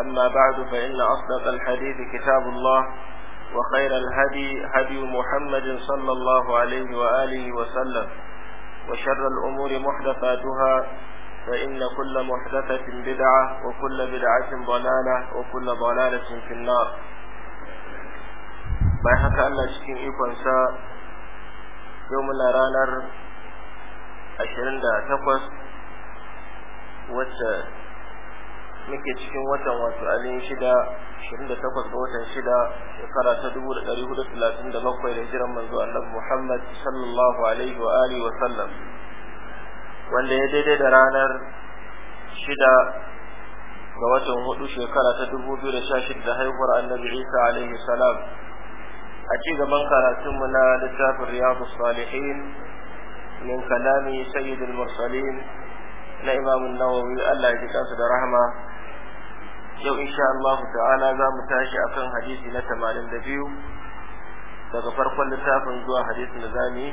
أما بعد فإن أصدق الحديث كتاب الله وخير الهدي هدي محمد صلى الله عليه وآله وسلم وشر الأمور محدثاتها فإن كل محدثة بدعة وكل بدعة ضلالة وكل ضلالة في النار بحق الله شكين سا يوم أشرين 28 wacce muke cikin watan wasu alin shida ashirin da takwas ga watan shida shekara ta dubu da ɗari hudu talatin da bakwai da hijiran manzo annabi muhammad sallallahu alaihi wa alihi wa sallam wanda ya daidai da ranar shida ga watan hudu shekara ta dubu biyu da sha shida haihuwar annabi isa alaihi salam a ci gaban karatunmu na littafin riyadu salihin min kalami sayyidul mursalin na imam nawawi Allah ya ji kansa da rahama yau insha Allah ta'ala za mu tashi akan hadisi na 82 daga farkon littafin zuwa hadisin da zamu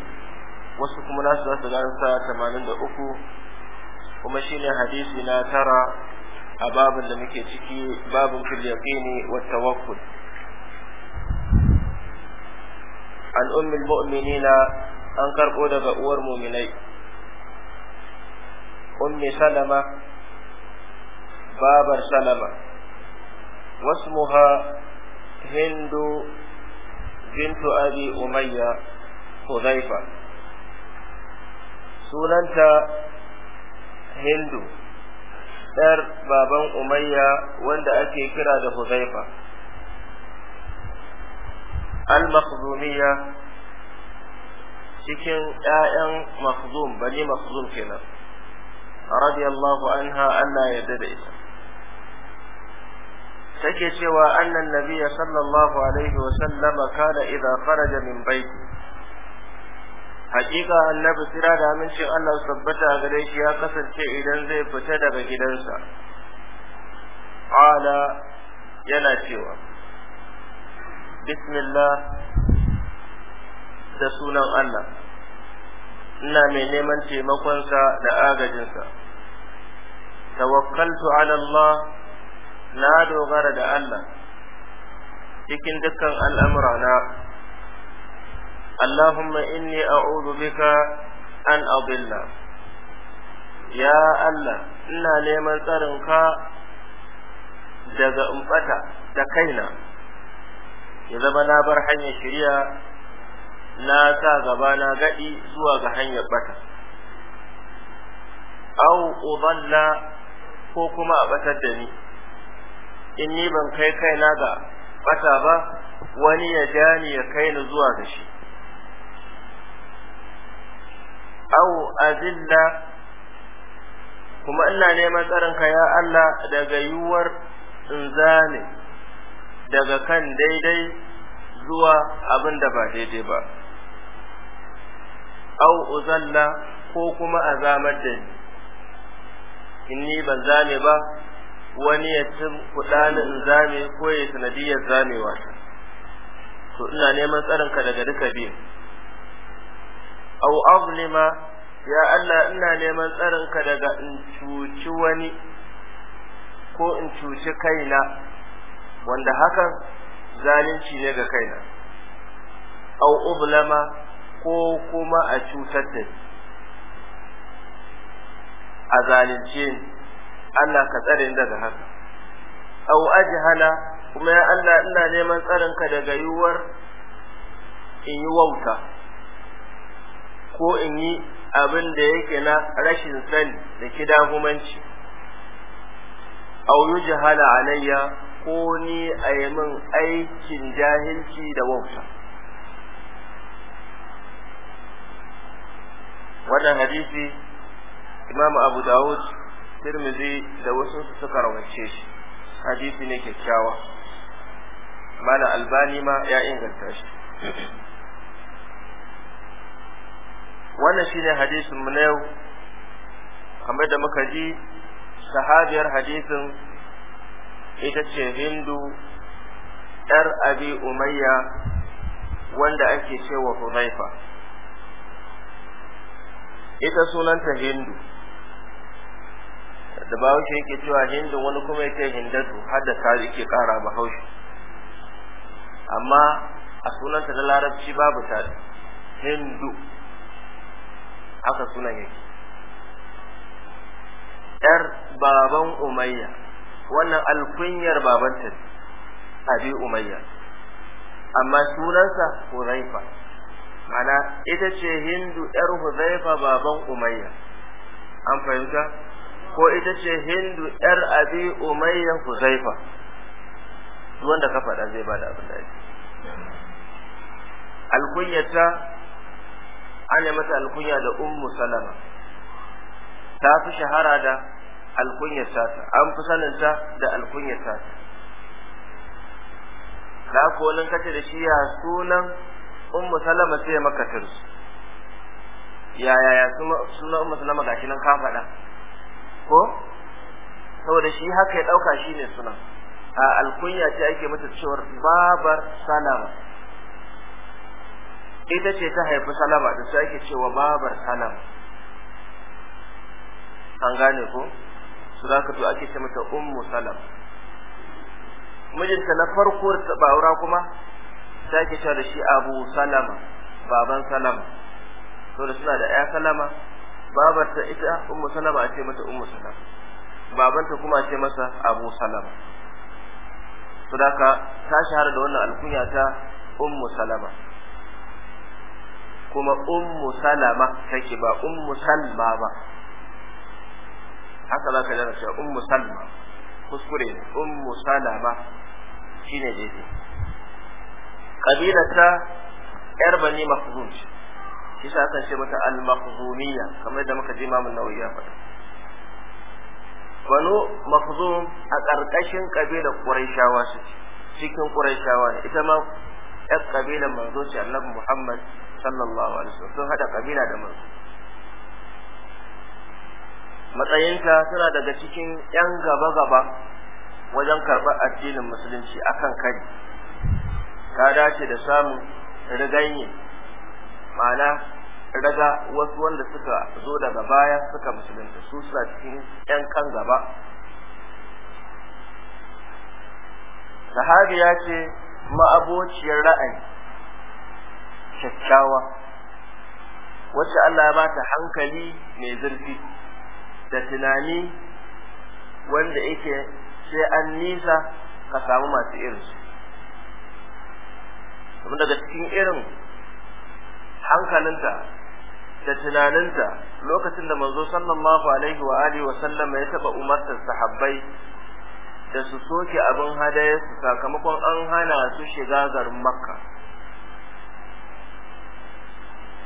wasu kuma nasu za su gano sa 83 kuma shine hadisi na tara a babin da muke ciki babin fil yaqini wa tawakkul an ummul mu'minina an karbo daga uwar mu'minai ummi salama babar salama واسمها Hindu بنت أبي أمية حذيفة sunanta Hindu ‘yar baban umayya wanda ake kira da huzaifa al-makhzumiya cikin ‘ya'yan makhzum bani makhzum kenan radiyallahu anha Allah ya da ita take cewa annan nabiya sallallahu alaihi wa sallama kana idza kharaja min baiti hakika annabi tsira da amincin Allah tabbata gare shi ya kasance idan zai fita daga gidansa qala yana cewa bismillah da sunan Allah ina mai neman taimakonsa da agajinsa tawakkaltu ala Allah na dogara da Allah cikin dukkan al'amura na. Allahumma inni a bika an abinna ya Allah ina neman tsarinka daga umfata da kaina ya zama na bar hanyar shirya na sa gaba na gaɗi zuwa ga hanyar bata au uballa ko kuma a batar da ni inni ban kai kaina ga bata ba wani ya jani ya kai ni zuwa ga shi aw azilla kuma ina neman tsarinka ya Allah daga yiwuwar in zane daga kan daidai zuwa abin da ba daidai ba aw uzalla ko kuma azamar da ni in ban zane ba wani ya cin kudani in zame ko ya sanadiyar zamewa to ina neman tsarinka daga duka biyu au azlima ya Allah ina neman tsarinka daga in cuci wani ko in cuci kaina wanda hakan zalunci ne ga kaina au ublama ko kuma a cutar da a zalunce ni Allah ka tsare ni daga haka aw ajhala kuma ya Allah ina neman tsarin ka daga yuwar in yi wauta ko in yi abin da yake na rashin sani da kidahumanci aw yujhala alayya ko ni a min aikin jahilci da wauta wannan hadisi imam abu dawud tirmidhi da wasu suka rawace shi hadisi ne kyakkyawa malam albani ma ya inganta shi wannan shine hadisin mu na yau kamar da muka ji sahabiyar hadisin ita ce hindu yar abi umayya wanda ake cewa huzaifa ita sunanta hindu da wuce yake cewa hindin wani kuma yake hindatu har da ta yake kara bahaushe amma a sunanta na larabci babu ta hindu haka sunan yake yar baban umayya wannan alkunyar babanta abi umayya amma sunansa huzaifa mana ita ce hindu yar huzaifa baban umayya an fahimta ko ita ce hindu yar abi umayya huzaifa wanda ka faɗa zai bada abin da yake an ana mata alkunya da ummu salama ta fi shahara da ta an fi saninta da Ta da kolin kace da shi ya sunan ummu salama sai maka tirsu yaya ya sunan ummu salama gashi nan ka faɗa ko saboda shi haka ya dauka ne suna a alkunya ce ake mata cewar babar salama ita ce ta haifi salama da su ake cewa babar salama an gane ko su za ka to ake ce mata ummu salama mijinta na farko da taɓa kuma ta ake cewa da shi abu salama baban salama saboda suna da ya salama babarta ita ummu salama ce mata ummu salama babanta kuma ce masa abu salama sadaka ta shahara da wannan alkunya ta ummu salama kuma ummu salama take ba ummu salma ba haka za ka jana cewa ummu salma kuskure ummu salama shine daidai kabilata yar bani mahzun ce isa aka ce mata al-makhzumiyya kamar yadda muka ji mamun nawawi ya faɗa banu mahzum a ƙarƙashin ƙabilar quraishawa su cikin quraishawa ita ma ƴar ƙabilar manzo ce annabi muhammad sallallahu alaihi wasallam sun haɗa ƙabila da manzo matsayinta tana daga cikin ƴan gaba-gaba wajen karɓar addinin musulunci akan kai, ka dace da samun riganye ma'ana raga wasu wanda suka zo daga baya suka musulunta su suna cikin yan kan gaba ya ce ma'abociyar ra'ayi kyakkyawa wacce Allah ba ta hankali mai zurfi da tunani wanda yake sai an nisa ka samu masu irin kuma daga cikin irin hankalinta da tunaninta lokacin da manzo sallallahu alaihi wa alihi wa sallam ya taba umartar sahabbai da su soke abin hadaya su sakamakon an hana su shiga garin makka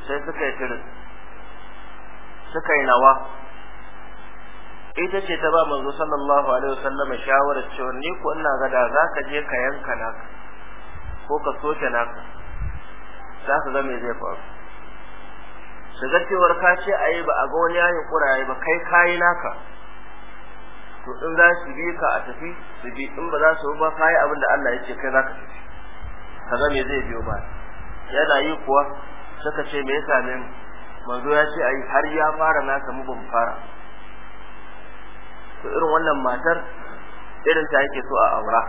sai suka yi tirin suka yi nawa ita ce ta ba manzo sallallahu alaihi wa sallam shawarar cewa ni ko ina ga da za ka je ka yanka naka ko ka soke naka za ka zama me zai faru daga cewar ka ce a yi ba a ga wani ya yi ba kai kayi naka to in za su bi ka a tafi su bi in ba za su ba kayi abin da Allah ya ce kai za ka tafi kaga me zai biyo ba yana yi kuwa suka ce me ya same mu manzo ya ce yi har ya fara na samu ban fara to irin wannan matar irin ta yake so a aura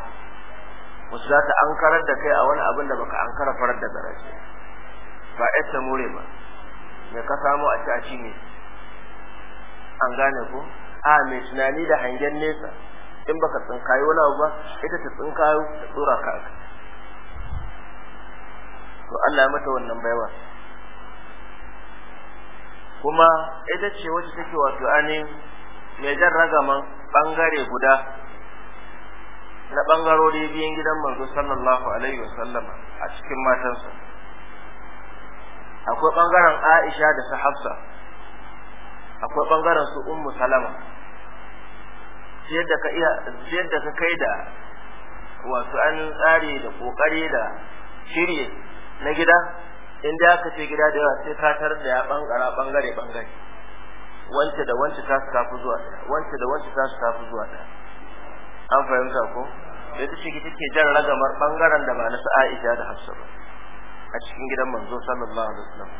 wasu za ta ankarar da kai a wani abin da baka ankara farar da garaje ba ita more ba Me ka samu a shi ne an gane ko a mai tunani da hangen nesa in baka tsinkayo wani abu ba ita ta tsinkayo ta tsora ka aka to Allah ya mata wannan baiwa kuma ita ce wacce take wato ainihin mai jan ragaman bangare guda na bangarori biyan gidan manzo sallallahu alaihi wasallama a cikin matansa akwai bangaren Aisha da su Hafsa akwai bangaren su Ummu Salama yadda ka iya yadda ka kai da wato an tsare da kokari da shirye na gida inda aka ce gida da yawa sai ka tar da ya bangara bangare bangare wance da wance ta su tafi zuwa ɗaya wance da wance ta su tafi zuwa ɗaya an fahimta ko da ta shi take jan ragamar bangaren da ba na su Aisha da Hafsa ba a cikin gidan manzo sallallahu alaihi wasallam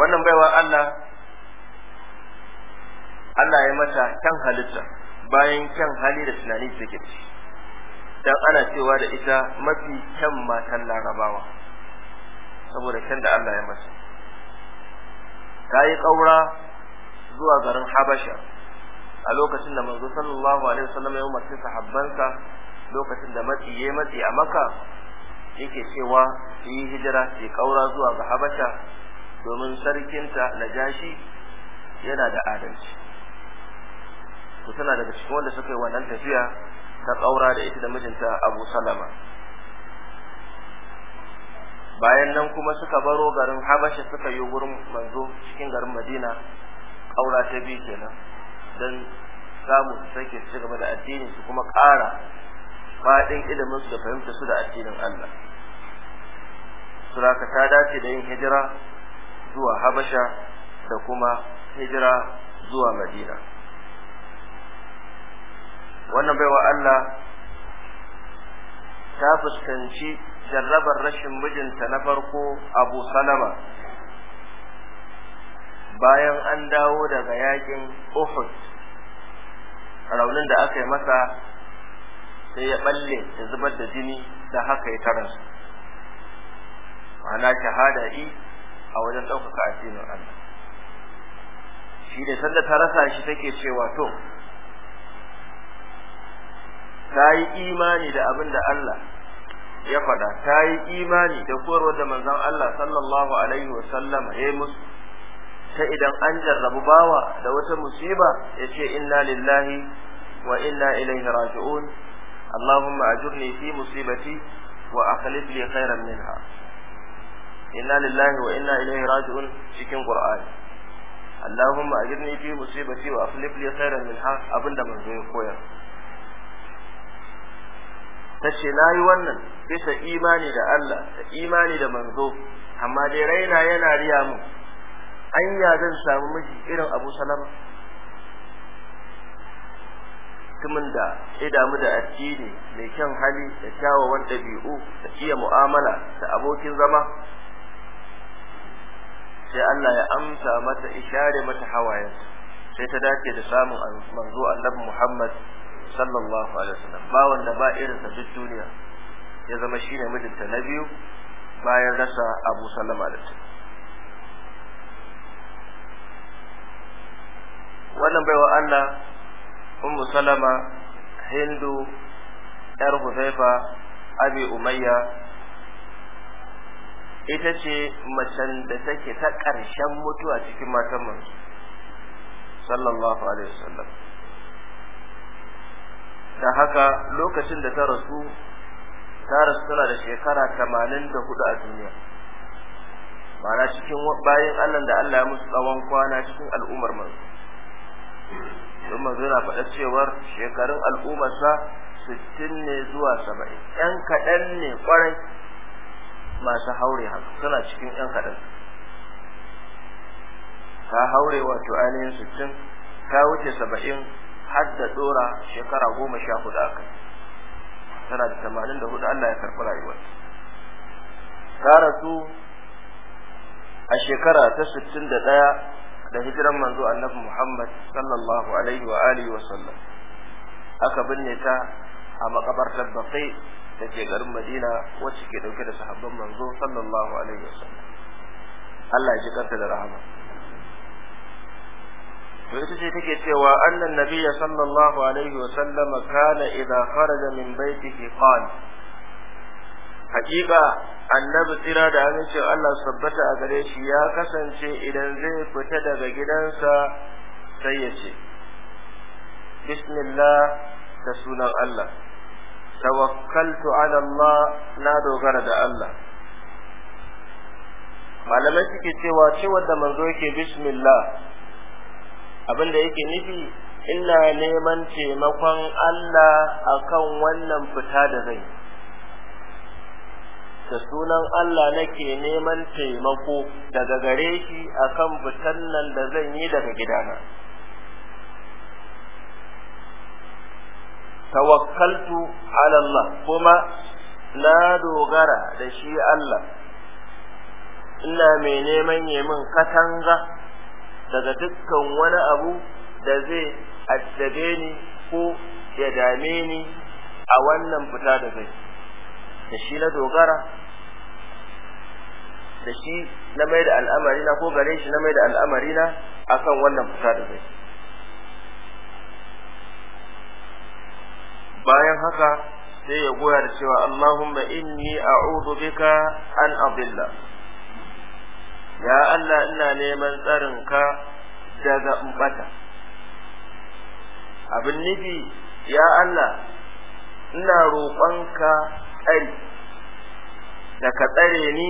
wannan baiwa Allah Allah ya mata kyan halitta bayan kyan hali da tunani da take ci dan ana cewa da ita mafi kyan matan larabawa saboda kyan da Allah ya mata ta yi ƙaura zuwa garin habasha a lokacin da manzo sallallahu alaihi wasallam ya umarci sahabbansa lokacin da matsi ya matsi a maka yake cewa su yi hijira su ƙaura zuwa ga habasha domin sarkinta na jashi yana da adalci ku tana daga cikin wanda suka yi wannan tafiya ta ƙaura da ita da mijinta abu salama bayan nan kuma suka baro garin habasha suka yi wurin manzo cikin garin madina ƙaura ta biyu kenan don samu su sake su gaba da addini su kuma ƙara faɗin ilimin su da fahimta su da addinin Allah suraka ta dace da yin hijira zuwa habasha da kuma hijira zuwa madina wannan baiwa Allah ta fuskanci jarrabar rashin mijinta na farko abu salama bayan an dawo daga yakin uhud raunin da aka yi masa sai ya balle ya zubar da jini da haka ya taransu ma'ana shahada yi a wajen ɗaukaka a addinin Allah shi da sanda ta rasa shi take cewa to ta yi imani da abin da Allah ya faɗa ta yi imani da koyarwar da manzon Allah sallallahu alaihi wa sallam. ya yi musu ta idan an jarrabu bawa da wata musiba ya ce inna lillahi wa inna ilaihi raji'un اللهم أجرني في مصيبتي وأخلف لي خيرا منها إنا لله وإنا إليه راجعون شكين قرآن اللهم أجرني في مصيبتي وأخلف لي خيرا منها أبن من زوين كوير tace na yi wannan bisa imani da Allah da imani da manzo amma dai raina yana riya mu anya zan samu miji irin Abu Salama mutumin da idamu da addini mai kyan hali da kyawawan ɗabi'u da iya mu'amala da abokin zama sai Allah ya amsa mata ishare mata hawayen sai ta dace da samun manzo annabi Muhammad sallallahu alaihi wasallam ba wanda ba irin sa duk duniya ya zama shine mijinta na biyu bayan rasa Abu Sallama alaihi wannan baiwa Allah ummu salama hindu yar huzaifa abi umayya ita ce macen da take ta ƙarshen mutuwa cikin matan mu sallallahu alaihi wasallam da haka lokacin da ta rasu ta rasu tana da shekara tamanin da hudu a duniya ma'ana cikin bayan allah da allah ya musu tsawon kwana cikin al'ummar manzo don manzo yana faɗa cewar shekarun al'ummarsa sittin ne zuwa saba'in yan kaɗan ne kwarai masu haure haka suna cikin yan kaɗan ta haure wato ainihin sittin ta wuce saba'in har da ɗora shekara goma sha hudu a kai tana da tamanin da hudu Allah ya karɓi rayuwarta ta rasu a shekara ta sittin da ɗaya da hijiran manzo annabi Muhammad sallallahu alaihi wa alihi wa sallam aka binne ta a makabartar Baqi da ke garin Madina wacce ke dauke da sahabban manzo sallallahu alaihi wa sallam Allah ya ji kanta da rahama to ita ce take cewa annan Nabiya sallallahu alaihi wa sallam kana idza kharaja min baitihi qala haqiqa annabi tsira da amincin Allah sabbata a gare shi ya kasance idan zai fita daga gidansa sai ya ce bismillah da sunan Allah tawakkaltu ala Allah na dogara da Allah malamai suke cewa ciwon da manzo yake bismillah abin abinda yake nufi ina neman taimakon Allah akan wannan fita da zai da sunan Allah nake neman taimako daga gare shi akan fitan nan da zan yi daga gidana tawakkaltu ala Allah kuma na dogara da shi Allah ina mai neman min katanga daga dukkan wani abu da zai addabe ni ko ya dame ni a wannan fita da zai da shi na dogara da shi na mai da al'amari na ko gare shi na mai da al'amari na akan wannan fita da zai bayan haka sai ya goya da cewa Allahumma inni a'udhu bika an adilla ya Allah ina neman tsarin ka daga umbata abin nufi ya Allah ina roƙonka tsari da ka tsare ni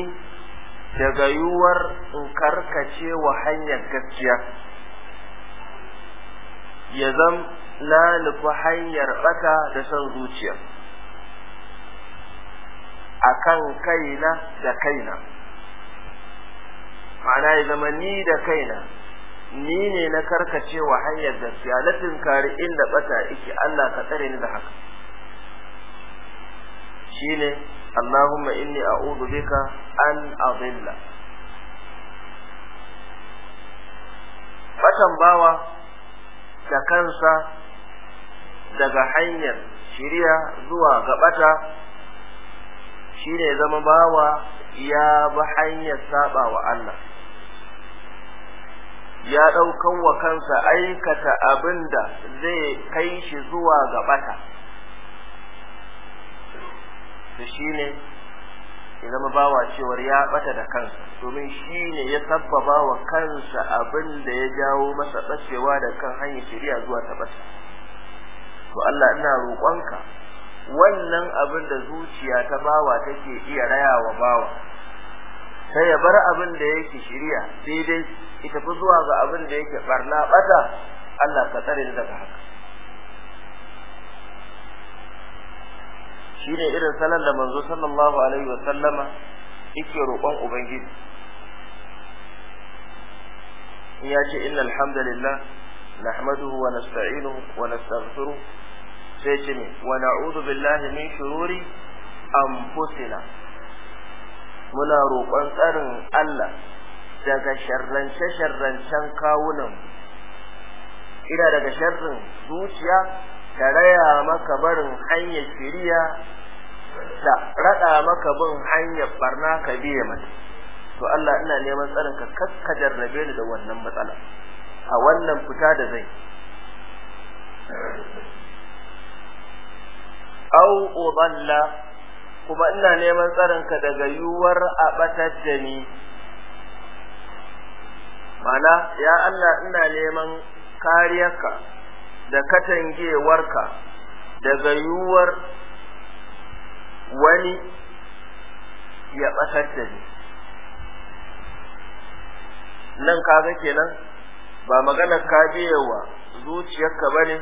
daga yiwuwar in karkace wa hanyar gaskiya ya zam na nufi hanyar bata da son zuciya a kan kaina da kaina ma'ana ya zama ni da kaina ni ne na karkace wa hanyar gaskiya na tunkari inda bata ike Allah ka tsare ni da haka Shi ne. Allahumma inni a bika an adilla batan bawa da kansa daga hanyar shirya zuwa ga bata shine zama bawa ya ba hanyar saɓa wa Allah ya ɗaukan wa kansa aikata abin da zai kai shi zuwa ga bata to ne ya zama bawa cewar ya bata da kansa domin shi ne ya sabbaba wa kansa abin da ya jawo masa bacewa da kan hanyar shirya zuwa ta bata to Allah ina roƙonka wannan abin da zuciya ta bawa take iya raya wa bawa sai ya bar abin da yake shirya sai dai ita fi zuwa ga abin da yake barna bata Allah ka tsare daga haka shine irin salon da manzo sallallahu alaihi wa sallama yake roƙon ubangiji in ya ce inna alhamdulillah nahmaduhu wa nasta'inuhu wa nastaghfiruh sai ce ne wa na'udhu billahi min shururi anfusina muna roƙon tsarin Allah daga sharrance-sharrancen kawunan ina daga sharrin zuciya ta raya maka barin hanyar shiriya da rada maka bin hanyar barna ka biye mata to Allah ina neman tsarin ka kakka jarrabe ni da wannan matsala a wannan fita da zai au udalla kuma ina neman tsarin ka daga yuwar a batar da ni mana ya Allah ina neman kariyarka da katangewarka daga yuwar wani ya ɓatar da ni nan kaga kenan ba magana ka yawa zuciyarka ne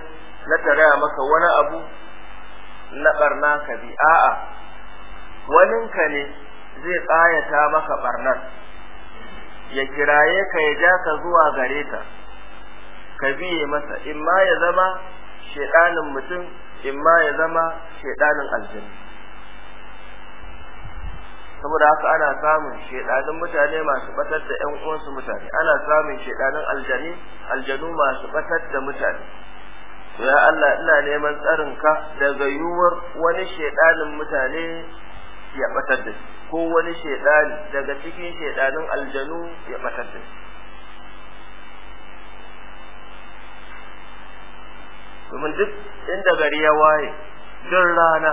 na taraya maka wani abu na barna ka bi a'a waninka ne zai ƙayata maka ɓarnar. ya kiraye ka ya ja ka zuwa gare ta ka biye masa In ma ya zama shaidanin mutum in ma ya zama shaidanin aljanna saboda haka ana samun shedanin mutane masu batar da ƴan uwansu mutane ana samun shedanin aljani aljanu masu batar da mutane ya Allah ina neman tsarin ka daga yuwar wani shedanin mutane ya batar da ko wani shedani daga cikin shedanin aljanu ya batar da domin duk inda gari ya waye duk rana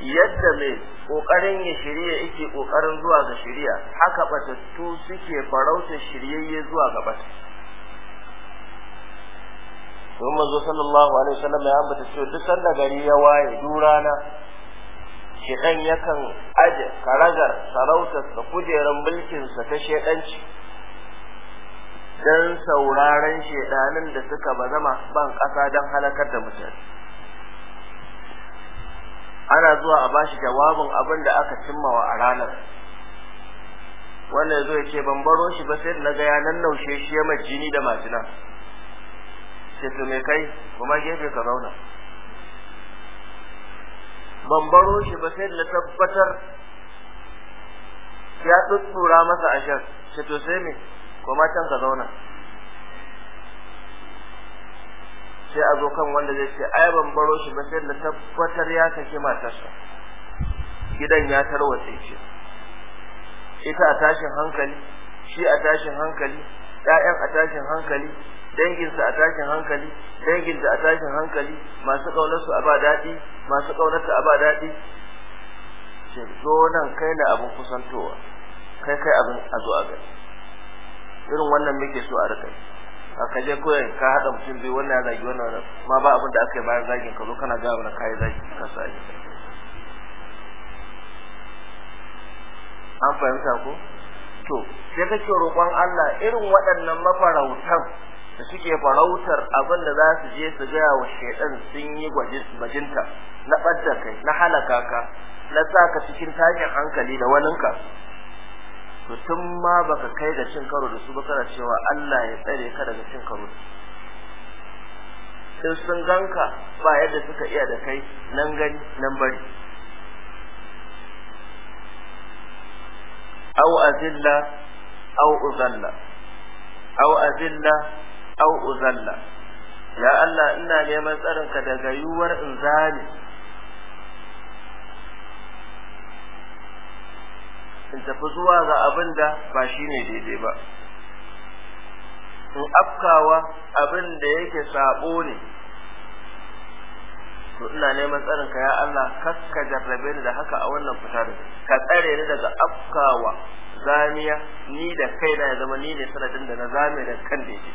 yadda mai kokarin ya shirya yake kokarin zuwa ga shirya haka batattu suke farautar shiryayye zuwa ga bata don zo sallallahu alaihi wasallam ya ambata cewa duk sanda gari ya waye durana shedan yakan aje karagar sarautar da kujerar mulkin sa ta shedanci dan sauraron shedanin da suka bazama ban kasa dan halakar da mutane ana zuwa a bashi jawabin abin da aka cimmawa a ranar wannan zo ya ce ban baro shi ba sai na ga ya nan naushe shi ya majini da majina sai to me kai kuma gefe ka zauna ban baro shi ba sai na tabbatar ya tsura masa ashar sai to sai me kuma can ka zauna sai a zo kan wanda zai ce ai ban baro shi ba sai da tabbatar ya saki matarsa gidan ya tarwatse shi ita a tashin hankali shi a tashin hankali ɗayan a tashin hankali danginsa a tashin hankali danginta a tashin hankali masu ƙaunarsu a ba daɗi masu ƙaunarsa a ba daɗi ce zo nan kai na abin kusantowa kai kai abin a zo a gani irin wannan muke so a rikai a ka je koyan ka haɗa mutum biyu wannan ya zagi wannan wannan ma ba abin da aka yi bayan zagin ka zo kana gaya mana kayi zagi ka sai an fahimta ko to sai kake roƙon Allah irin waɗannan mafarautan da suke farautar abin da za su je su gaya wa shaidan sun yi bajinta na ɓadda kai na halaka ka na sa ka cikin tashin hankali da waninka to tun ma baka kai ga cin karo da su ba kana cewa Allah ya tsare ka daga cin karo in sun ganka ba yadda suka iya da kai nan gani nan bari aw azilla aw uzalla aw azilla aw uzalla ya Allah ina neman tsarinka daga yuwar inzali in tafi zuwa ga abin da ba shi ne daidai ba in afkawa abin da yake sabo ne to ina neman tsarin ka ya Allah kakka jarrabe ni da haka a wannan fita da ka tsare ni daga afkawa zamiya ni da kai na ya zama ni ne sanadin da na zame da kan da yake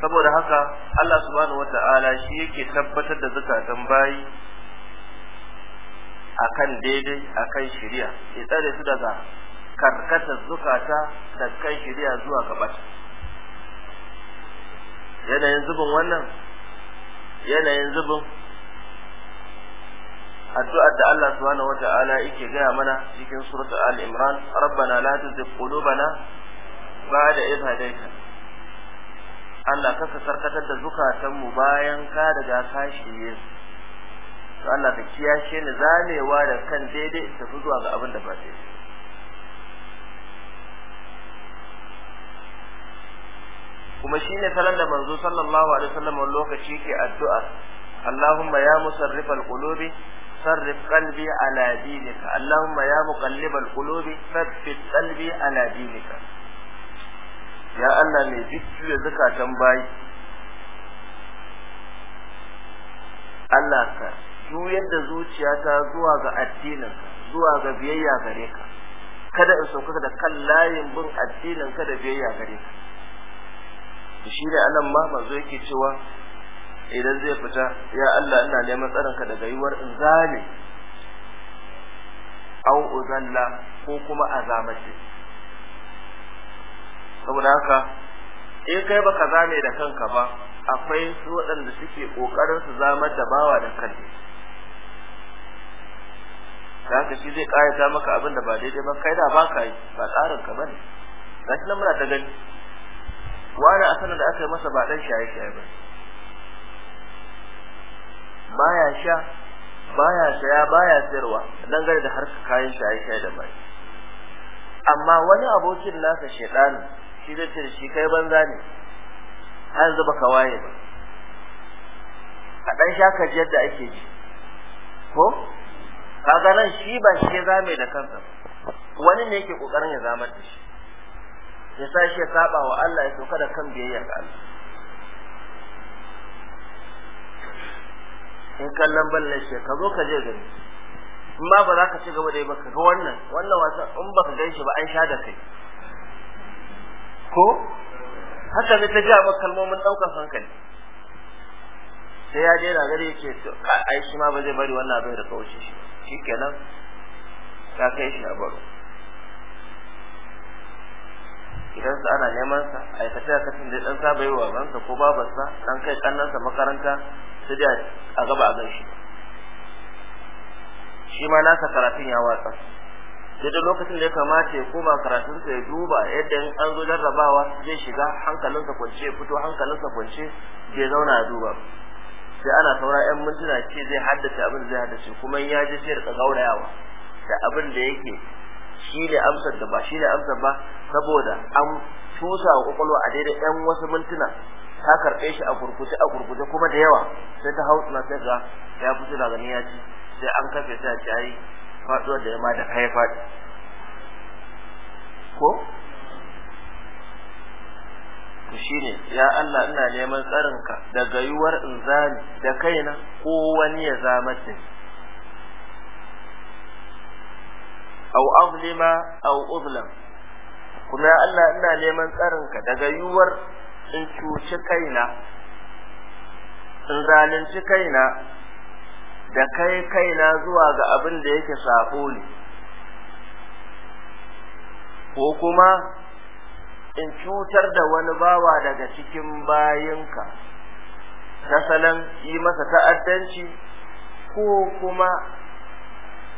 saboda haka Allah subhanahu wata'ala shi yake tabbatar da zakatan bayi akan daidai akan shari'a ya tsare su daga karkatar zukata da kan shari'a zuwa gabata yanayin zubin wannan yanayin zubin addu'a da Allah subhanahu wata'ala yake gaya mana cikin suratul al-imran rabbana la tuzigh qulubana ba'da idh hadayta Allah ka karkatar da zukatanmu bayan ka daga ka su to Allah kiya shi ni zamewa da kan daidai ta tafi zuwa ga abin da ba daidai kuma shine salon da manzo sallallahu alaihi wasallam wani lokaci ke addu'a Allahumma ya musarrifal qulubi sarrif qalbi ala dinika Allahumma ya muqallibal qulubi thabbit qalbi ala dinika ya Allah mai jikki zakatan bayi juyar da zuciyata zuwa ga addinin zuwa ga biyayya gare ka kada in sauka da kan layin bin addinin ka da biyayya gare ka to shi ne anan ma manzo yake cewa idan zai fita ya Allah ina neman tsaron ka daga yiwuwar in zane au uzalla ko kuma azamace saboda haka in kai baka zame da kanka ba akwai su waɗanda suke ƙoƙarin su zama da bawa da kanne da haka shi zai ƙayata maka abin da ba daidai ba kai da ba ka yi ba tsarin ka bane ga shi nan muna ta gani wani a sanar da aka yi masa ba ɗan shaye shaye ba baya sha baya saya baya sayarwa gare da harka kayan shaye shaye da bai amma wani abokin nasa shaidanin shi zai ce shi kai banza ne har zuba ka waye ba a ɗan sha kajiyar da ake ji ko kaga nan shi ba shi ya zame da kansa wani ne yake kokarin ya zama da shi ya sa shi ya saba wa Allah ya sauka da kan biyayya ga Allah in kallon ballan shi ka zo ka je gari in ba ba za ka ci gaba da yi ba ka ga wannan wannan wasan in ba ka gan shi ba an sha da kai ko haka ne ta ji a kalmomin ɗaukar hankali sai ya je na gari yake to ai shi ma ba zai bari wannan abin da kawo shi kenan ta kai shi a baro idan su ana neman sa a yi tafiya kafin da dan saba yi wa bansa ko babarsa dan kai kannansa makaranta su da a gaba a ganshi shi ma nasa karatun ya watsa sai lokacin da ya kamata ya koma karatun sa ya duba yadda in an zo jarrabawa zai shiga hankalinsa kwance fito hankalinsa kwance zai zauna a duba sai ana saura yan mintuna ce zai haddace abin zai haddace kuma ya ji sai da gaurayawa da abin da yake shi ne amsar da ba shi ne amsar ba saboda an tusa wa kwakwalwa a daidai yan wasu mintuna ta karɓe shi a gurguje a gurguje kuma da yawa sai ta hau suna sai ga ya fito daga gani ya ci sai an kafe sai a ci faɗuwar da ya ma da kai faɗi ko to shine ya Allah ina neman tsarinka daga yuwar in zani da kaina ko wani ya zama ce au azlima au uzlam kuma ya Allah ina neman tsarinka daga yuwar in cuci kaina in zalunci kaina da kai kaina zuwa ga abin da yake safo ne ko kuma in cutar da wani bawa daga cikin bayinka ta yi masa ta'addanci ko kuma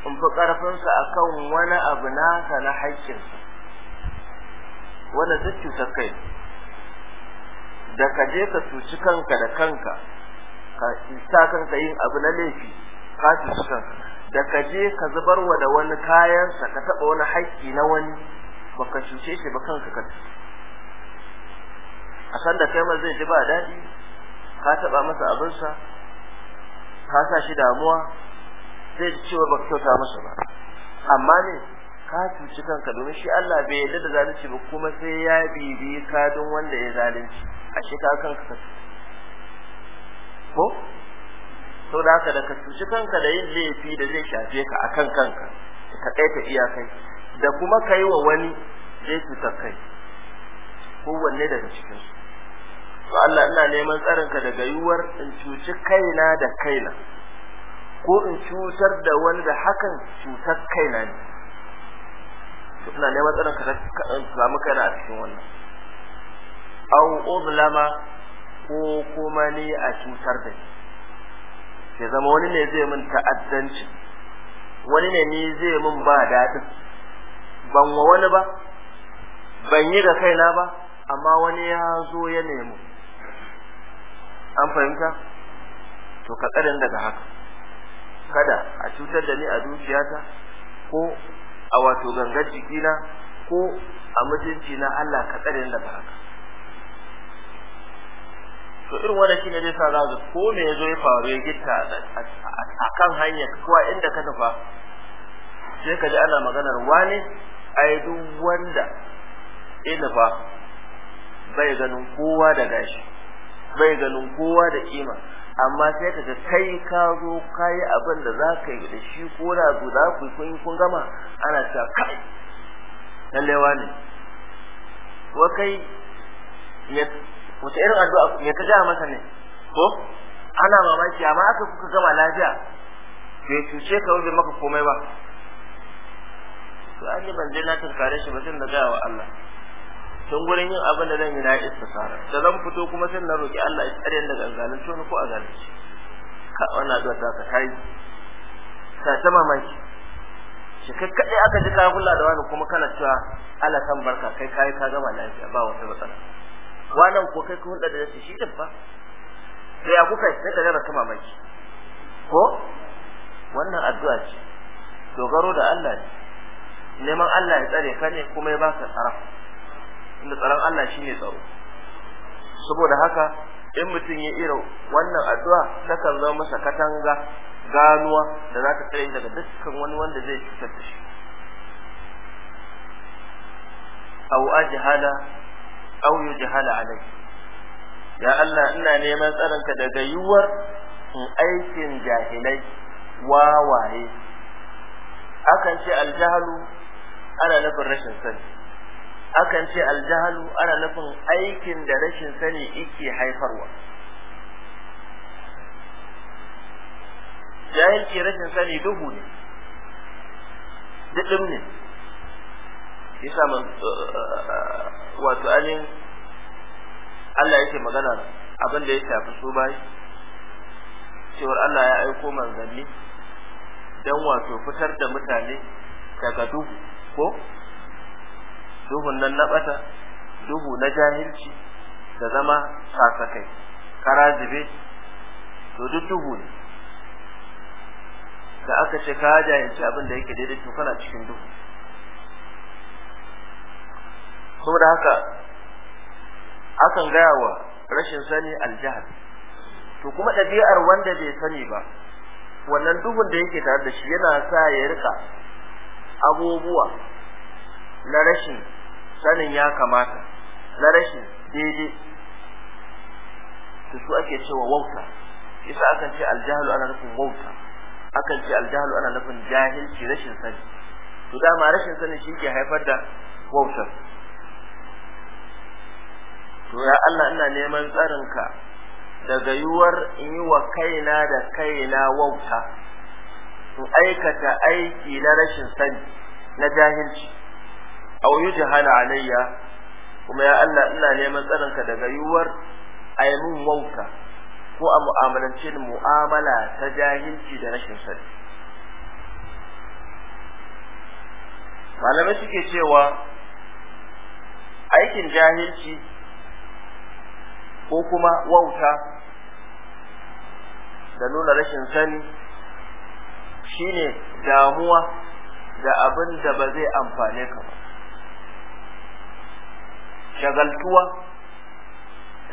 in fi ƙarfinsa a kan wani abu nasa na haƙƙinsa wanda duk cutar kai da ka je ka cuci kanka da kanka ka isa kanka yin abu na laifi ka cuci kanka da ka je ka zubar wa da wani kayansa ka taɓa wani haƙƙi na wani baka cuce shi ba kanka ka cuci a sanda kai ma zai ji ba daɗi ka taɓa masa abinsa ka sa shi damuwa zai ji cewa ba kyauta masa ba amma ne ka cuci kanka domin shi Allah bai yarda da zalunci ba kuma sai ya bibi ka don wanda ya zalunci a shi ka kanka ka ko to da haka da ka cuci kanka da yin laifi da zai shafe ka akan kanka ka kai ta iyakai da kuma kai wa wani zai cutar kai kowanne daga cikinsu to Allah ina neman tsarinka daga yuwar in cuci kaina da kaina ko in cutar da wani da hakan cutar kaina ne to ina neman tsarinka da samu kaina a cikin wannan aw uzlama ko kuma ni a cutar da ni sai zama wani ne zai min ta'addanci wani ne ni zai min ba daɗin ban wa wani ba ban yi da kaina ba amma wani ya zo ya nemi an fahimta to ka tsarin daga haka kada a cutar da ni a dukiyata ko a wato gangar jikina ko a mutunci na Allah ka tsarin daga haka to irin wannan shine zai sa zaka ko me yazo ya faru ya gitta a kan hanya ko inda ka tafa sai ka ji ana maganar wani ai duk wanda ina ba bai ganin kowa da gashi bai ganin kowa da kima amma sai ka ga kai ka zo ka yi abin da za ka yi da shi ko da zo za ku kun kun gama ana ta kai lallewa ne wa kai wata irin addu'a ya ka gaya masa ne ko ana mamaki amma aka kuka gama lafiya bai cuce ka wuce maka komai ba to an yi ban je na tunkare shi ba zan da gaya wa Allah tun gurin yin abin da zan yi na istisara da zan fito kuma sai na roki Allah ya tsare da gangalin to ko a zalunci ka wannan addu'a ta ka kai ta ta mamaki shi kai aka ji ka kula da wani kuma kana cewa Allah san barka kai kai ka gama lafiya ba wata matsala wannan ko kai ka hulɗa da shi din fa sai ya kuka sai ka gara ta mamaki ko wannan addu'a ce dogaro da Allah ne neman Allah ya tsare ka ne kuma ya baka tsara inda tsaron Allah shine tsaro saboda haka in mutum ya ira wannan addu'a kan zama masa katanga ganuwa da za ta tsaye daga dukkan wani wanda zai cutar da shi aw ajhala aw jihala alai ya Allah ina neman tsaronka daga yiwuwar aikin jahilai wawaye akan ce aljahalu ana nufin rashin sani akan ce aljahalu ana nufin aikin da rashin sani yake haifarwa jahilci rashin sani duhu ne duɗin ne yasa man eh, eh, wato anin Allah yake magana abin da ya shafi su bai cewar Allah ya aiko manzanni don wato fitar da mutane daga duhu ko duhun nan na bata duhu na jahilci da zama sasakai kara zube to duk duhu ne da aka ce ka jahilci abin da yake daidai to kana cikin duhu da haka akan gaya wa rashin sani aljahal to kuma ɗabi'ar wanda bai sani ba wannan duhun da yake tare da shi yana sa ya rika abubuwa na rashin sanin ya kamata na rashin daidai to su ake cewa wauta isa akan ce aljahalu ana nufin wauta akan ce aljahalu ana nufin jahilci rashin sani to dama rashin sani shi ke haifar da wautar to ya Allah ina neman tsarinka daga yiwuwar in yi wa kaina da kaina wauta in aikata aiki na rashin sani na jahilci aw yujhal alayya kuma ya Allah ina neman tsarinka daga yuwar ayyun mun wauta ko a mu'amalance ni mu'amala ta jahilci da rashin sani malamai suke cewa aikin jahilci ko kuma wauta da nuna rashin sani shine damuwa da abin da ba zai amfane ka ba shagaltuwa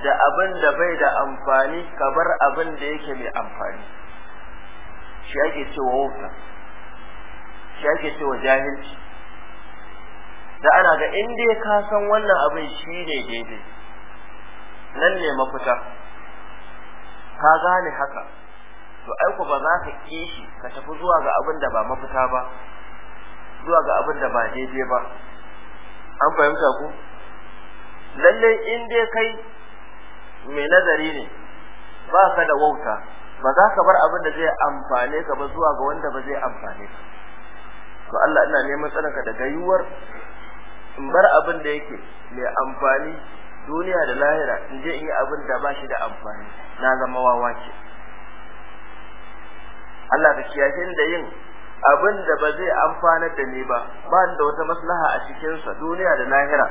da abin da bai da amfani ka bar abin da yake mai amfani shi ake cewa wauta shi ake cewa jahilci da ana ga in dai ka san wannan abin shi ne daidai nan ne mafita ka gane haka to aiko ba za ka kishi shi ka tafi zuwa ga abin da ba mafita ba zuwa ga abin da ba daidai ba an fahimta ku lallai in dai kai mai nazari ne ba ka da wauta ba za ka bar abin da zai amfane ka ba zuwa ga wanda ba zai amfane ka to Allah ina neman tsanaka daga yiwuwar in bar abin da yake mai amfani duniya da lahira in je in yi abin da ba shi da amfani na zama wawa ce Allah ka kiyaye da yin abin da ba zai amfanar da ni ba ba da wata maslaha a cikinsa duniya da lahira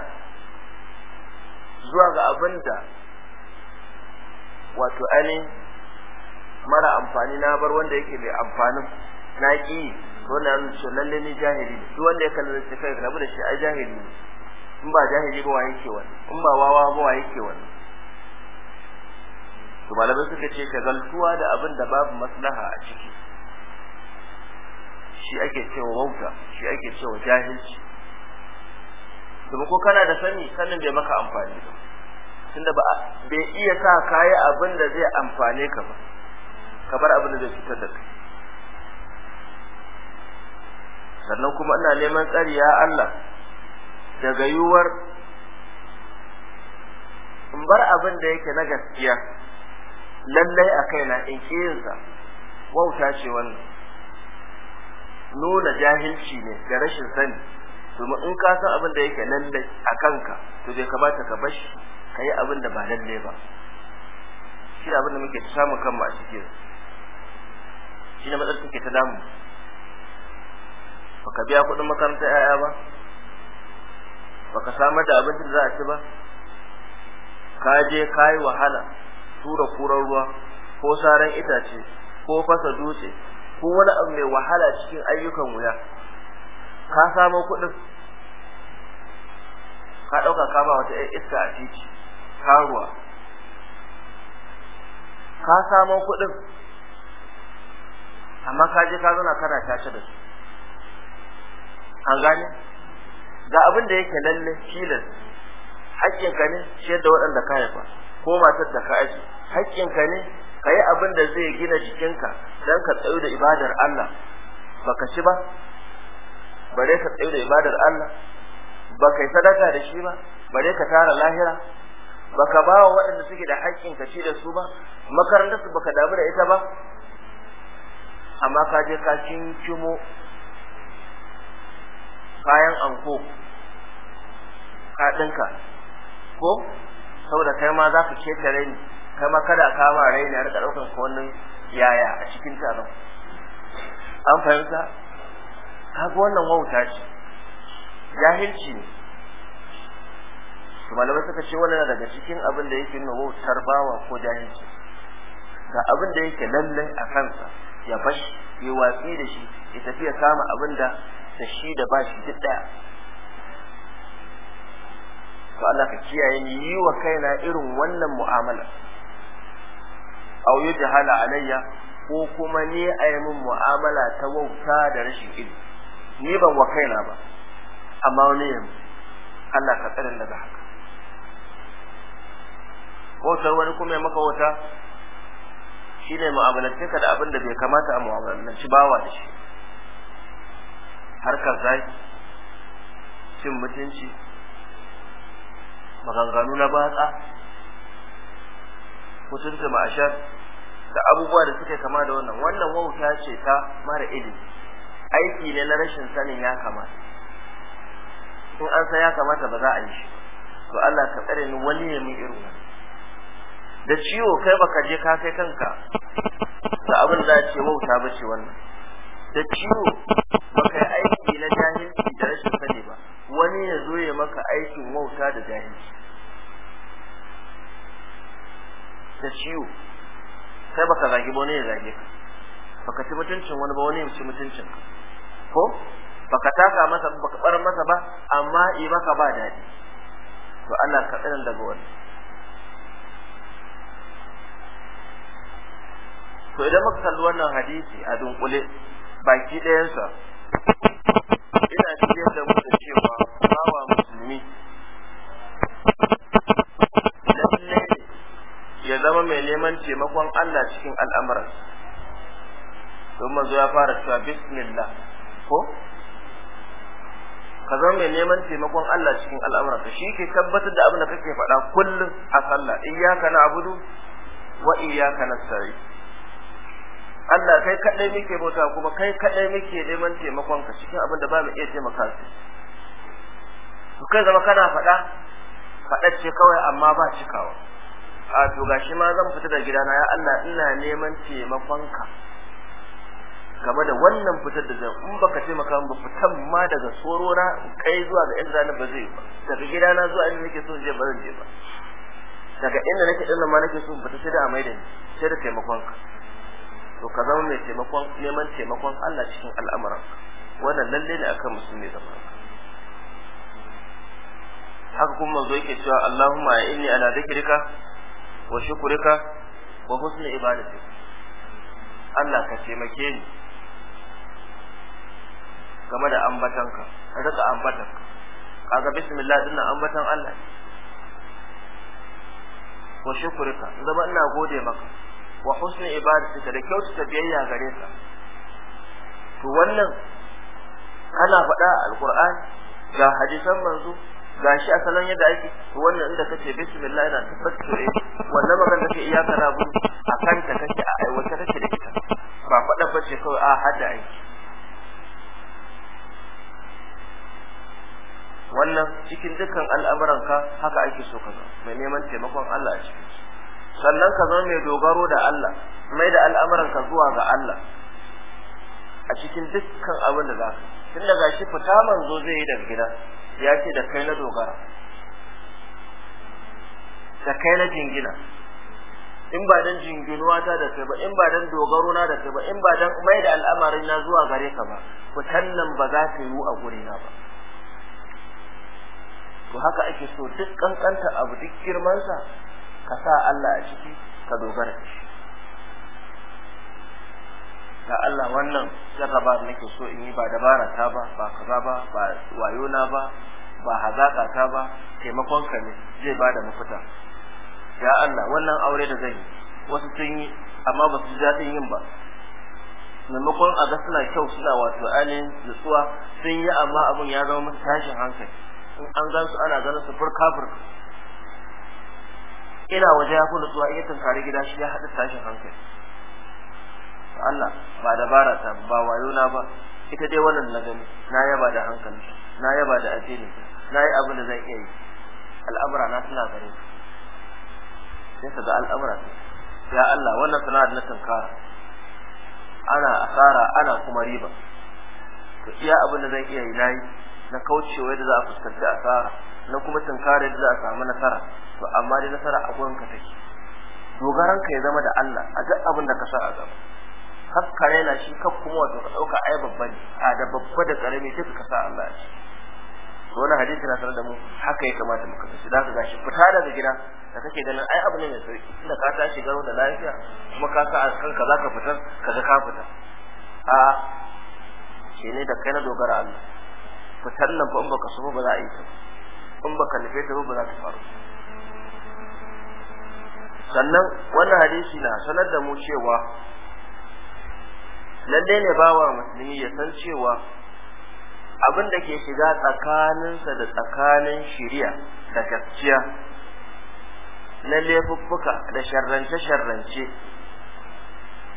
zuwa ga abin da wato ani mara amfani na bar wanda yake mai amfanin na to na so lalle ni jahili duk wanda ya kalli shi kai rabu da shi ai jahili in ba jahili ba waye ke wani in ba wawa ba waye ke wani to malamai suka ce ka zaltuwa da abin da babu maslaha a ciki shi ake cewa wauta shi ake cewa jahilci kuma ko kana da sani sanin bai maka amfani tunda ba bai iya sa kayi abin da zai amfane ka ba ka bar abin da zai cutar da kai sannan kuma ina neman tsari ya Allah daga yiwuwar in bar abin da yake na gaskiya lallai a kaina in kiyinsa wauta ce wannan nuna jahilci ne ga rashin sani kuma in ka san abin da yake nan a kanka to bai kamata ka bashi ka yi abin da ba lalle ba shi abin da muke samun kanmu a cikin shi ne matsalar take ta damu baka biya kuɗin makaranta yaya ba baka samar da abin da za a ci ba ka je ka yi wahala tura kuran ruwa ko saran itace ko fasa dutse ko wani abu mai wahala cikin ayyukan wuya ka samo kuɗin ka ɗauka ka ba wata iska a titi ka ruwa. ka samo kuɗin amma ka je ka zauna kana tace da su an gane ga abin da yake lalle tilas haƙƙinka ne ciyar da waɗanda ka haifa ko matar da ka aji haƙƙinka ne ka yi abin da zai gina jikinka don ka tsayu da ibadar Allah baka shi ba bare ka tsaye da ibadar Allah ba kai sadaka da shi ba bare ka tara lahira ba ka ba wa waɗanda suke da haƙƙin ka ci da su ba makarantar su baka damu da ita ba amma ka je ka cincimo kayan anko ka ɗinka ko saboda kai ma za ka keta raini kai ma kada ka ma raini a rika ɗaukar wannan yaya a cikin taron an fahimta kaga wannan wauta ce jahilci ne malamai suka ce wannan daga cikin abin da yake nuna wautar bawa ko jahilci ga abin da yake lallai a kansa ya bashi ya watsi da shi ya tafi ya kama abin da da shi da ba shi duk daya to Allah ka kiyaye ni yi wa kaina irin wannan mu'amala au yujhala alayya ko kuma ni ayi min mu'amala ta wauta da rashin ilimi ni ban wa kaina ba amma wani yanzu Allah ka tsare daga haka wautar wani kuma ya maka wata shine mu'amalance ka da abin da bai kamata a mu'amalanci bawa da shi harkar zaki cin mutunci maganganu na batsa mutunta ma'ashar da abubuwa da suke kama da wannan wannan wauta ce ta mara ilimi aiki ne na rashin sanin ya kamata in an san ya kamata ba za a yi shi to Allah ka tsare ni wani ne mun irin wani da ciwo kai baka je ka kai kanka da abin da ce wauta ba ce wannan da ciwo baka yi aiki na jahilci da rashin sani ba wani ya zo ya maka aikin wauta da jahilci da ciwo kai baka zagi ba wani ya zage ka baka ci mutuncin wani ba wani ya ci mutuncin ka ko baka taka masa baka bar masa ba amma yi maka ba dadi to Allah ka tsira daga wannan to idan muka kalli wannan hadisi a dunkule baki ɗayansa ina shirya da mu da cewa bawa musulmi ya zama mai neman taimakon Allah cikin al'amuransa don mazu ya fara cewa bismillah ko ka zama mai neman taimakon Allah cikin al'amuranka shi ke tabbatar da abin da kake faɗa kullum a sallah iyyaka na'budu wa iyyaka nasta'in Allah kai kadai muke bauta kuma kai kadai muke neman taimakon ka cikin abin da ba mu iya taimaka su to kai zama kana faɗa faɗa ce kawai amma ba cikawa a to gashi ma zan fita da gidana ya Allah ina neman taimakon ka game da wannan fitar da zan in baka taimaka min ba fitan ma daga sorona kai zuwa ga inda na ba zai ba daga gida na zuwa inda nake so je ba zan je ba daga inda nake din ma nake so fita sai da amai da ni sai da taimakon ka to ka zama mai taimakon neman taimakon Allah cikin al'amuran wannan lalle ne akan musulmi da ba haka kuma manzo yake cewa Allahumma ya inni ala dhikrika wa shukrika wa husni ibadatik Allah ka taimake ni game da ambatanka ka rika ambatan kaga bismillah dinnan ambatan Allah wa shukrika zama ina gode maka wa husni ibadatika da ta biyayya gare ka to wannan kana faɗa alqur'an ga hadisan manzo ga a salon yadda ake to wannan inda kace bismillah ina tabbatar wannan magana kake iyaka na cikin dukkan al'amuranka haka ake so ka zama mai neman taimakon Allah a cikin sannan ka zama mai dogaro da Allah mai da al'amuranka zuwa ga Allah a cikin dukkan abin da za ka tun daga shi fita manzo zai yi daga gida ya ce da kai na dogara da kai na jingina in ba dan jinginuwa ta da kai ba in ba dan dogaro na da kai ba in ba dan mai da al'amarin na zuwa gare ka ba fitan nan ba za ta yiwu a gurina ba to haka ake so duk kankanta abu duk girmansa ka sa Allah a ciki ka dogara da shi ga Allah wannan jarraba nake so in yi ba dabara ta ba ba kaza ba ba wayo na ba ba hazaka ta ba taimakon ka ne zai ba da mafita ya Allah wannan aure da zan yi wasu sun yi amma ba su ji yin ba maimakon a ga suna kyau suna wato ainihin nutsuwa sun yi amma abun ya zama masu tashin hankali in an gan su ana ganin su fur kafir ina waje ya kula zuwa iya tunkari gida shi ya haɗu tashin hankali Allah ba dabara ta ba wayo na ba ita dai wannan na gani na yaba da hankali na yaba da addini na yi abin da zan iya yi al'amura na suna gare sai ka ga al'amura ya Allah wannan da na tunkara ana asara ana kuma riba to iya abin da zan iya yi na yi na kaucewa da za a fuskanci asara na kuma tunkara da za a samu nasara to amma dai nasara a gurin ka take dogaran ka ya zama da Allah a duk abin da ka sa a gaba kakka raina shi kaf kuma wato ka dauka ai babba ne a da babba da karami take ka sa Allah ya to wannan hadisi na tare da mu haka ya kamata mu kasance da ka gashi fita daga gida da kake ganin ai abu ne mai sauki inda ka tashi garo da lafiya kuma ka sa kanka zaka fitar kaga ka fita a shi ne da kai na dogara Allah fitar nan ba in baka su ba za a yi ta in baka nufe ta ba za ta faru sannan wannan hadisi na sanar da mu cewa lalle ne bawa musulmi ya san cewa abin da ke shiga tsakaninsa da tsakanin shiriya da gaskiya na laifuffuka da sharrance-sharrance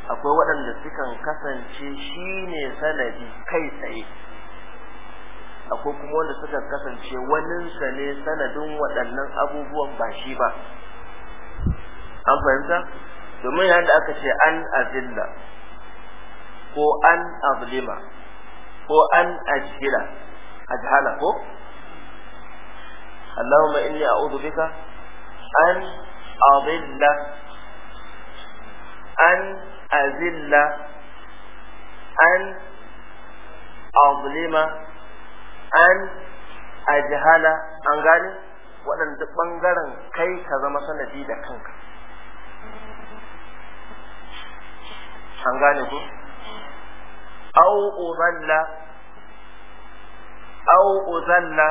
akwai waɗanda sukan kasance shi ne sanadi kai tsaye akwai kuma wanda suka kasance waninsa ne sanadin waɗannan abubuwan ba shi ba an fahimta domin yayin da aka ce an azilla ko an azlima ko an ajhila ajhala ko اللهم إني أعوذ بك أن أضل أن أذل أن أظلم an ajhala an gane waɗanda ɓangaren kai ka zama sanadi da kanka an gane ku au uzalla au uzalla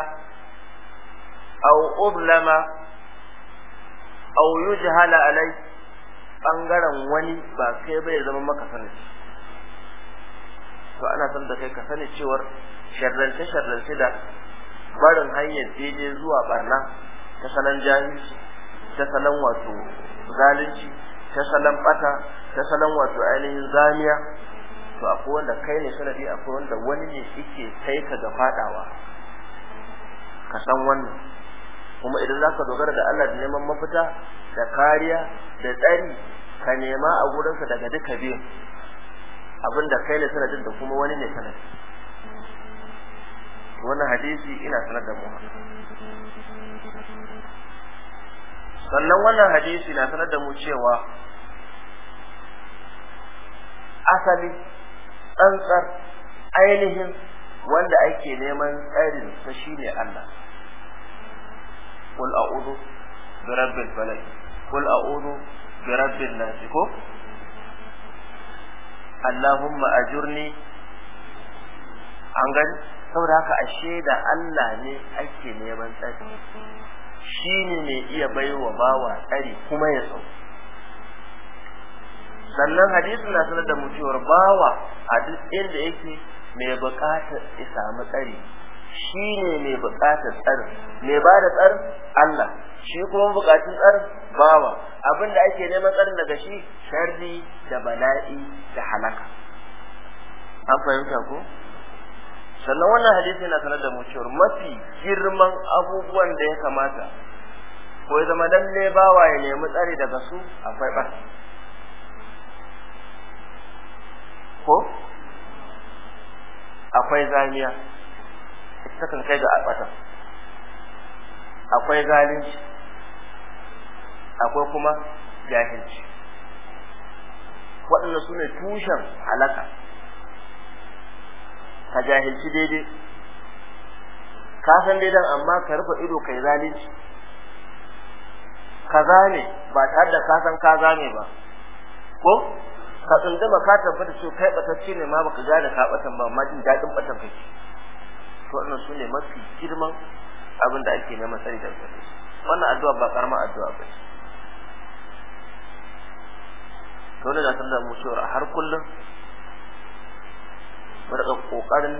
au ublama au yujhala alai ɓangaren wani ba kai bai zama maka sanadi to ana son da kai ka sani cewar sharrance sharrance da barin hanyar daidai zuwa barna ta salon jahilci ta salon wato zalunci ta salon bata ta salon wato ainihin zamiya to akwai wanda kai ne sanadi akwai wanda wani ne yake kai ka ga fadawa ka san wannan kuma idan za ka dogara da Allah da neman mafita da kariya da tsari ka nema a gurinsa daga duka biyu abinda kai ne sanadin da kuma wani ne sanadin wannan hadisi ina sanar da mu sannan wannan hadisi na sanar da mu cewa asali tsantsar ainihin wanda ake neman tsarin ta shine Allah kul a'udhu bi rabbil falaq kul a'udhu bi rabbin nas ko Allahumma ajurni an gani saboda haka ashe da Allah ne ake neman tsari shi ne mai iya baiwa bawa tsari kuma ya sau sannan hadisi na sanar da mutuwar bawa a duk inda yake mai buƙatar ya samu tsari shi ne mai buƙatar tsarin mai ba da tsarin Allah shi kuma buƙatun tsarin bawa abin ake neman tsari daga shi sharri da bala'i da halaka an fahimta ko sannan wannan hadisi yana sanar da mu cewa mafi girman abubuwan da ya kamata ko ya zama lalle bawa ya nemi tsari daga su akwai ɓata ko akwai zaniya ita kan kai ga ɓata akwai zalunci akwai kuma jahilci waɗanda su ne tushen halaka ka jahilci daidai ka san daidan amma ka rufe ido kai zalunci ka zane ba tare da ka san ka zane ba ko ka tsundama ka tabbata cewa kai batacce ne ma baka gane ka batan ba amma jin daɗin batan kake to wannan su ne mafi girman abin da ake neman tsari da gare wannan addu'a ba karamar addu'a ba ce dole da sallar mushawar har kullum mu rika kokarin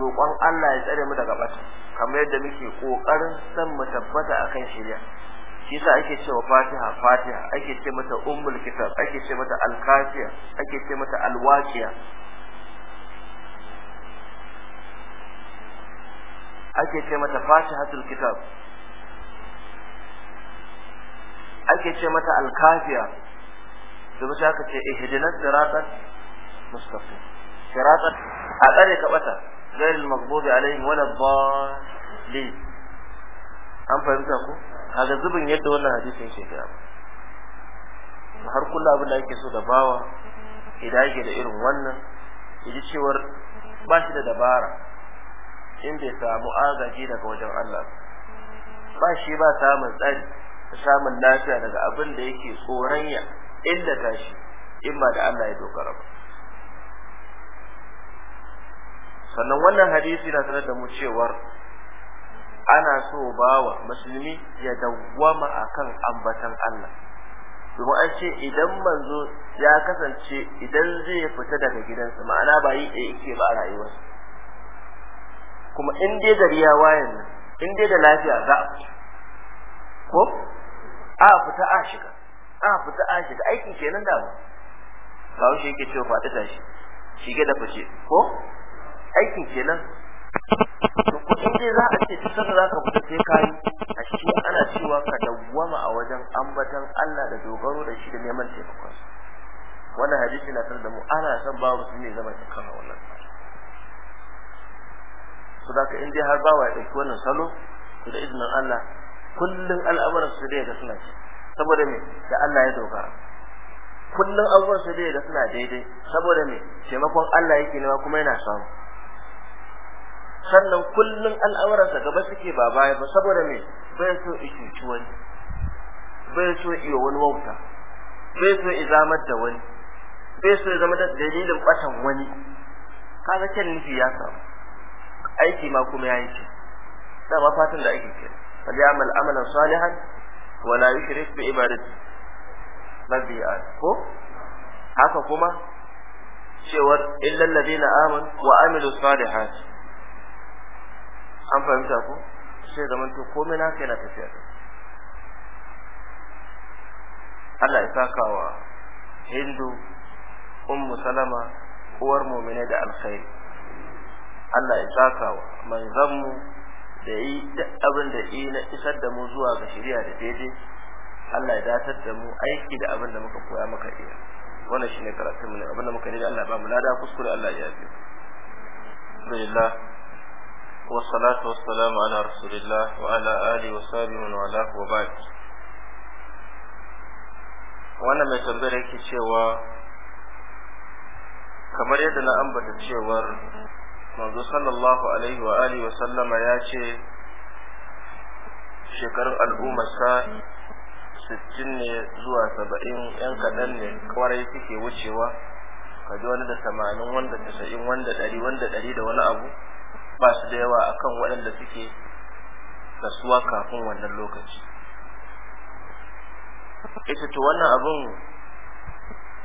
roƙon Allah ya tsare mu daga bata kamar yadda muke kokarin san mu tabbata akan shirya shi yasa ake cewa Fatiha Fatiha ake ce mata ummul kitab ake ce mata al-kafiya ake ce mata al-waqiya ake ce mata Fatihatul kitab ake ce mata al-kafiya da mata ce ihdinas siratal mustaqim shiratat a tsare ka bata gairil maghdubi alaihim wala dhalin an fahimta ko kaga zubin yadda wannan hadisin ke gaba har kullu abin da ake so da bawa idan yake da irin wannan yaji cewar ba shi da dabara in bai samu agaji daga wajen Allah ba shi ba samun tsari da samun lafiya daga abin da yake tsoranya ya illata in ba da Allah ya dogara ba sannan wannan hadisi na sanar da mu cewar ana so bawa musulmi ya dawwama akan ambatan Allah domin an ce idan manzo ya kasance idan zai fita daga gidansa ma'ana ba yi ɗaya yake ba a rayuwarsa kuma in dai gari ya wayan nan in dai da lafiya za a fita ko a fita a shiga a fita a shiga aikin kenan da ba ba shi yake cewa faɗi tashi shige da fice ko aikin kenan kuma ne za a ce cikin za ka fita sai kai a shi ana cewa ka dawwama a wajen ambatan Allah da dogaro da shi da neman taimakon wannan hadisi na tar da mu ana san babu su ne zama cikin wannan su da ka inda har bawa ya ɗauki wannan salo ku da izinin Allah kullum al'amuran su dai ga suna ci saboda me da Allah ya dogara kullum abubuwan su dai ga suna daidai saboda me taimakon Allah yake nema kuma yana samu sannan kullun al'amuransa gaba suke ba baya ba saboda me bai so i cuci wani bai so i wani wauta bai so i zamar da wani bai so ya zama da dalilin batan wani kaga kyan nufi ya samu aiki ma kuma ya yi ce da ba fatan da ake ce fal ya'mal amalan salihan wa la yushrik bi ibadati rabbi ko haka kuma cewar illal ladina amanu wa amilu salihati an fahimta ko sai zaman to komai na kai na tafiya da Allah ya saka wa Hindu Ummu Salama uwar mu'mine da alkhairi Allah ya saka wa manzanmu da yi duk abin da yi na isar da mu zuwa ga shari'a da daidai Allah ya datar da mu aiki da abin da muka koya muka iya wannan shine karatun mu ne abin da muka yi da Allah ba mu lada kuskure Allah ya yi Alhamdulillah والصلاة والسلام على رسول الله وعلى آله وصحبه من والاه وبعد wannan mai tambayar كي cewa kamar yadda na ambata cewar صلى sallallahu alaihi وآله وسلم wa sallama ya ce shekarun al'ummarsa sittin ne zuwa saba'in yan kaɗan ne kwarai suke wucewa kaji wani da tamanin wanda tasa'in wanda wanda dari da wani abu ba su da yawa akan waɗanda suke kasuwa kafin wannan lokaci ita to wannan abin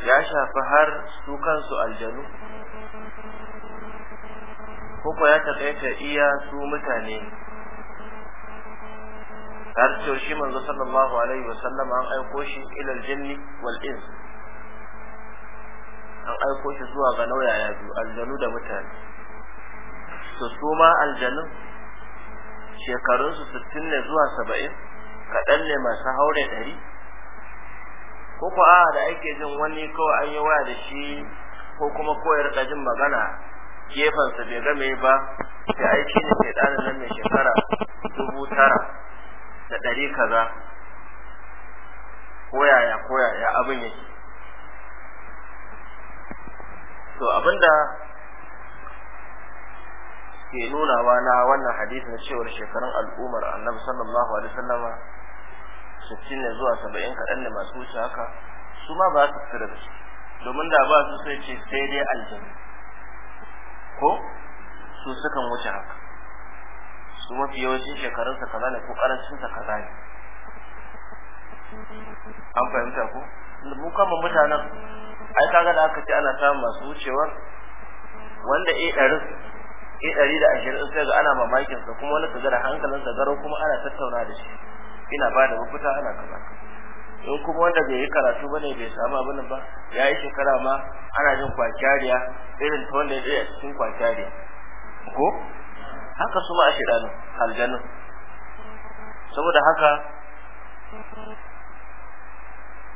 ya shafi har su kansu aljanu koko ya taƙaita iya su mutane har cewa shi manzo sallallahu alaihi wa sallam an aiko shi ila aljanni wal ins an aiko shi zuwa ga nauyaya biyu aljanu da mutane to su ma aljanun shekarunsu sittin ne zuwa saba'in kaɗan ne masu haure ɗari ko ko a da ake jin wani kawai an yi waya da shi ko kuma koyar da jin magana gefensa bai game ba ya aiki ne mai ɗanin nan mai shekara dubu tara da ɗari kaza koyaya koyaya abin yake to abinda ke nunawa na wannan hadisi na cewar shekarun al'ummar annabi sallallahu alaihi wasallam 60 ne zuwa 70 kaɗan ne masu wuce haka su ma ba su tsira da shi domin da ba su sai ce sai dai aljanna ko su sukan wuce haka su mafi yawancin shekarunsa kaza ne ko sa kaza ne an fahimta ko mu kama mutanen ai kaga da aka ce ana samun masu wucewar wanda eh ɗarin ya ɗari da ashirin sai ga ana mamakin sa kuma wani su da hankalin sa garau kuma ana tattauna da shi ina ba da mafita ana kaza in kuma wanda bai yi karatu ba ne bai samu abin ba ya yi shekara ma ana jin kwakiyariya irin ta wanda ya je a cikin kwakiyariya, ko haka su ma a shirani aljanun saboda haka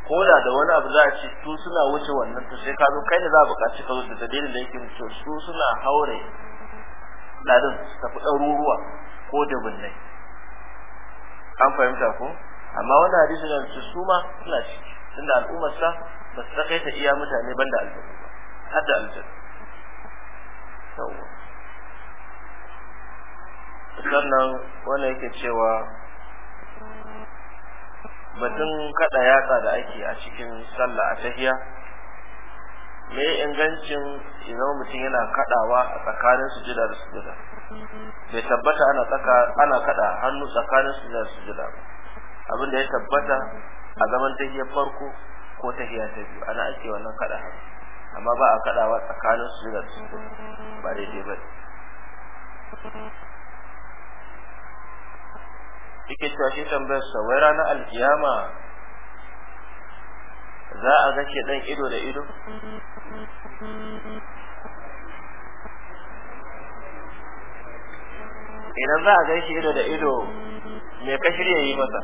ko da da wani abu za a ce su suna wuce wannan to sai ka zo kai ne za a buƙaci ka zo da dalilin da yake so su suna haure kudaden tafi ɗaruruwa ko da dubunnai an fahimta ko amma wannan hadisi da su suma suna ciki tunda al'ummar ba su kai ta iya mutane banda aljanna ba har da aljanna sannan wannan yake cewa batun kada yatsa da ake a cikin sallah a tahiya me ingancin idan mutum yana kadawa a tsakanin sujada da sujada bai tabbata ana tsaka ana kada hannu tsakanin sujada da sujada abin da ya tabbata a zaman tahiyar farko ko tahiyar ta biyu ana ake wannan kada hannu amma ba a kadawa tsakanin sujada da sujada ba daidai ba yake cewa shi tambayar sa wai ranar alkiyama za a ga dan ido da ido idan za a gan shi ido da ido me ka shirya yi masa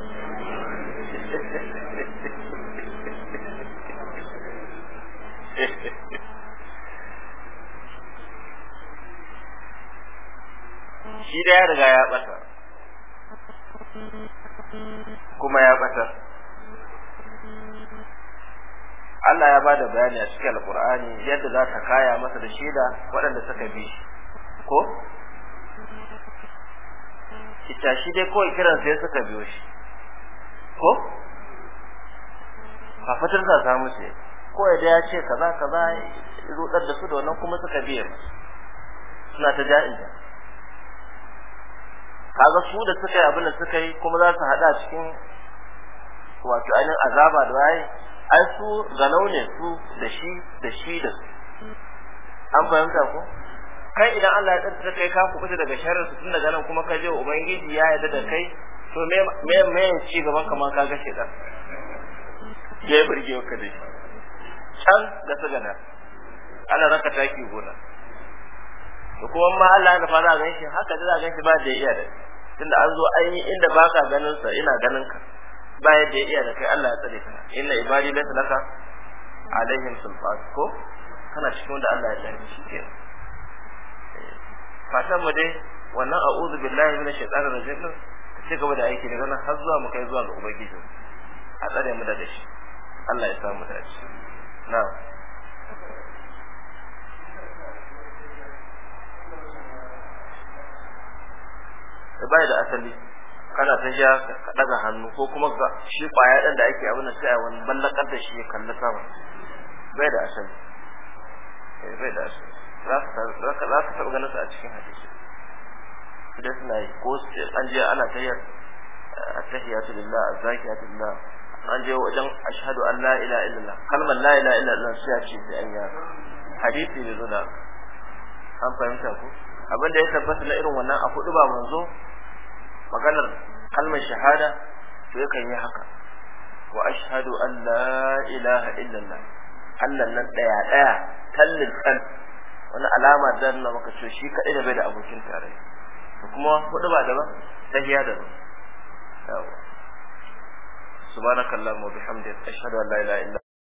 shi da ya riga ya bata kuma ya bata Allah ya bada bayani a cikin alkur'ani yadda za ta kaya masa da shida waɗanda suka bi shi ko ita shi dai kawai kiran sai suka biyo shi ko Ka fitar da samu shi Ko da ya ce kaza kaza rudar da su da wannan kuma suka biye masa suna ta ja'iza kaga su da suka yi abin da suka yi kuma za su haɗa cikin wato ainihin azaba da waye ai su zanau ne su da shi da shi da su an fahimta ko kai idan Allah ya tsarta kai ka fita daga sharrin su tun daga nan kuma ka je ubangiji ya yarda da kai to me me me ci gaban kamar ka ga da ya burge ka da shi can da su gana ana raka taki gona to kuma ma Allah ya fara ganin shi haka da ganin shi ba da iya da tunda an zo an inda baka ganin sa ina ganin ka bayan yadda ya iya da kai Allah ya tsare ka inna ibadi laysa laka alaihim sulfat ko kana cikin wanda Allah ya tsare shi ke eh, fatan mu dai wannan a'udhu billahi minash shaitanir rajim sai gaba da aiki daga nan har zuwa mu kai zuwa ga ubangiji a tsare mu daga shi Allah ya samu da shi na'am bai da asali kana ta ja ka daga hannu ko kuma shi kwaya ɗan da ake abin da sai a wani ballakar da shi ya kalla sama bai da asali eh, bai da asali za ka taɓa ganin a cikin hadisi idan suna yi ko an je ana tayyar tahiyatu lillah zakiyatu lillah an je wajen ashhadu an la ilaha illallah kalmar la ilaha illallah sai a ce sai an yi hadisi ne zuwa an fahimta ku abin da ya tabbata na irin wannan a hudu ba manzo maganar kalmar shahada to yakan yi haka wa ashhadu an la ilaha illallah Allah nan daya daya tallin kan wani alama da nuna maka cewa shi kadai da bai da abokin tare da kuma hudu ba daban tahiya da yawa subhanakallahumma wa bihamdika ashhadu an la ilaha illallah.